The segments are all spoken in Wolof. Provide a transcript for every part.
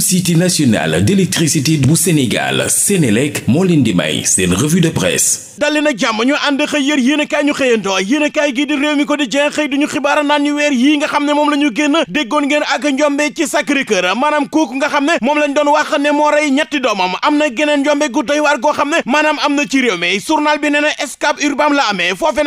société nationale d'électricité bu Sénégal Sénélec moo leen di may seen revue de presse dalli jàmm ñu ànd xëy yër yéen a kaay ñu xëyandoo yéen a kaay gi di réew mi ko di jeex xëy duñu xibaara naan ñu weer yii nga xam ne moom la ñu génn déggoon ngeen ak njombe ci Sacré-Cœur maanaam kooku nga xam ne moom lañ doon wax ne moo rey ñetti doomam am na geneen njombe gu waar goo xam ne maanaam am na ci réew mi journal bi nee na escape la amee foofe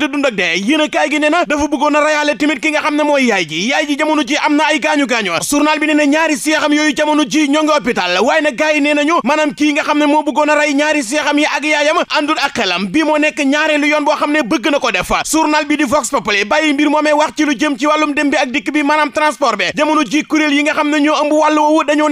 a a kaay gi jàllale tamit ki nga xam ne mooy yaay ji yaay ji jamono ji am na ay gaañu-gaañu journal bi nee ñaari seexam yooyu jamono ji ñoo ngi hôpital waaye nag gars yi nee nañu kii nga xam ne moo bëggoon rey ñaari seexam yi ak yaayam àndul ak xelam bii moo nekk ñaareelu yoon boo xam ne bëgg na ko def journal bi di Vox Populi bàyyi mbir moomee wax ci lu jëm ci wàllum dem bi ak dikk bi maanaam transport bi jamono ji kuréel yi nga xam ne ñoo ëmb wàllu woowu dañoo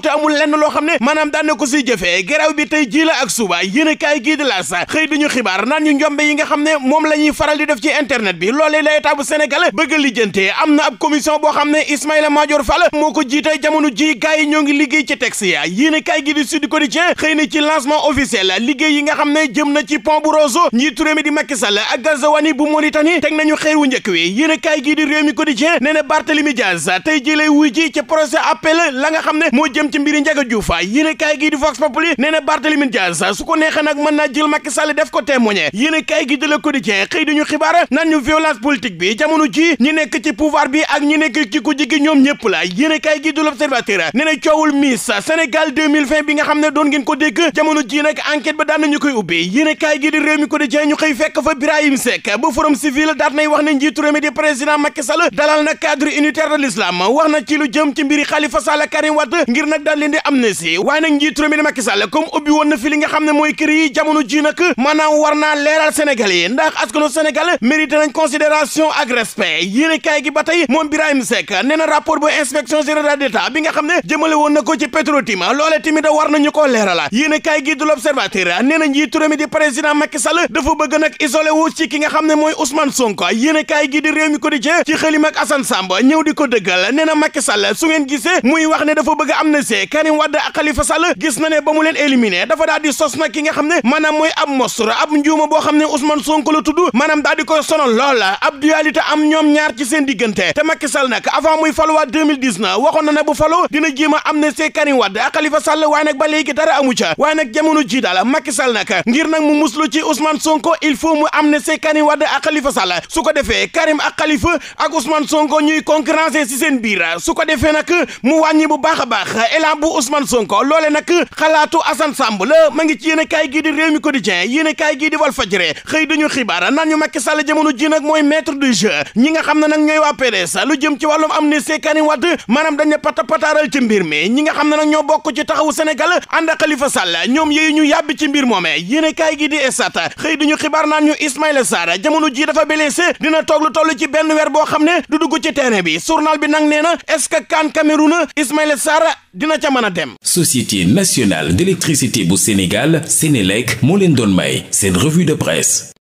te amul lenn loo xam ne maanaam daan na ko siy jëfee grève bi tey jii la ak suba yéen kaay gii di la sa xëy dañu xibaar naan ñu njombe yi nga xam ne moom la ñuy faral di def ci internet bi loolee la état bu Sénégal bëgg lijjantee am na ab commission boo xam ne Ismaïla Madior Fall moo ko jiite jamono ji gars yi ñoo ngi liggéey ci texte ya yéen kaay gii di Sud Quotidien xëy na ci lancement officiel liggéey yi nga xam ne jëm na ci pont bu Rosso njiitu réew mi di Macky Sall ak Gazawani bu Mauritanie teg nañu xeer wu njëkk wi yéen kaay gii di réew di Quotidien nee na Barthélémy Diaz tey ji lay wuy ji ci procès appel la nga xam ne moo jëm ci mbiri Ndiaga Diouf yéene kaay gi di Vox Populi nee na Barthélémy su ko neexee nag mën naa def ko témoigné yéene kaay gi di Le Quotidien xëy diñu xibaar naan ñu violence politique bi jamono ji ñi nekk ci pouvoir bi ak ñi nekk ci ku jigi ñoom ñëpp la yéene kaay gi di L'Observateur nee na coowul Miss Sénégal bi nga xam ne doon ngeen ko dégg jamono ji nag enquête ba daan nañu koy ubbi yéene kaay gi di Rewmi Quotidien ñu xëy fekk fa Birahim nag daal leen di amnistie waaye nag njiitu mi Macky Sall comme ubbi woon na fi nga xam ne mooy kër yi jamono ji nag maanaam war naa leeral Sénégal yi ndax askanu Sénégal mérité nañ considération ak respect yéen gi ba tey moom Birahim Seck nee na rapport bu inspection générale d'État bi nga xam ne jëmale woon na ko ci Petro-Tim loolee tamit war nañu koo leerala yéen gi du l'Observateur nee na njiitu réew mi di président Macky dafa bëgg nag isolé xam ne mooy Ousmane Sonko yéen kaay gi di réew mi quotidien ci xëlim gisee Karim Wade ak gis na ne ba mu leen éliminé dafa daal di sos nag ki nga xam ne maanaam mooy ab mostra ab njuuma boo xam ne Ousmane Sonko la tudd maanaam daal di koy sonal loola ab dualité am ñoom ñaar ci seen diggante te Macky Sall nag avant muy faluwaat 2019 waxoon na ne bu falo dina jéem a amnistie Karim Wade ak Khalifa Sall waaye nag ba léegi dara amu ca waaye nag jamono ji daal Macky Sall nag ngir nag mu muslu ci Ousmane Sonko il faut mu amnistie Karim Wade ak Khalifa Sall su ko defee Karim a Khalifa ak Ousmane Sonko ñuy concurrencer si seen biir su ko defee nak mu wàññi bu baax a baax laylaam bu Ousmane Sonko loole nag xalaatu Assane Samb la ma ngi ci yéen a kaay gii di réew mi quotidien yéen a kaay gii di Walf Fadjri xëy ñu xibaar naan ñu Macky Sall jamono ji nag mooy maître du jeu ñi nga xam ne nag ñooy waa PDS lu jëm ci wàllum amnistie Karim Wade maanaam dañ ne pata pataaral ci mbir mi ñi nga xam ne nag ñoo bokk ci taxawu Sénégal ànd ak Khalifa Sall ñoom yooyu ñu yàbbi ci mbir moomee yéen a kaay gii di Esat xëy dañu xibaar naan ñu Ismaïla Sarr jamono ji dafa blessé dina toog lu toll ci benn weer boo xam ne du dugg ci terrain bi journal bi nag nee na est-ce que kan Cameroun Ismaïla dina ca mën a dem. Société nationale d'électricité bu Sénégal Sénélec moo leen doon may seen revue de presse.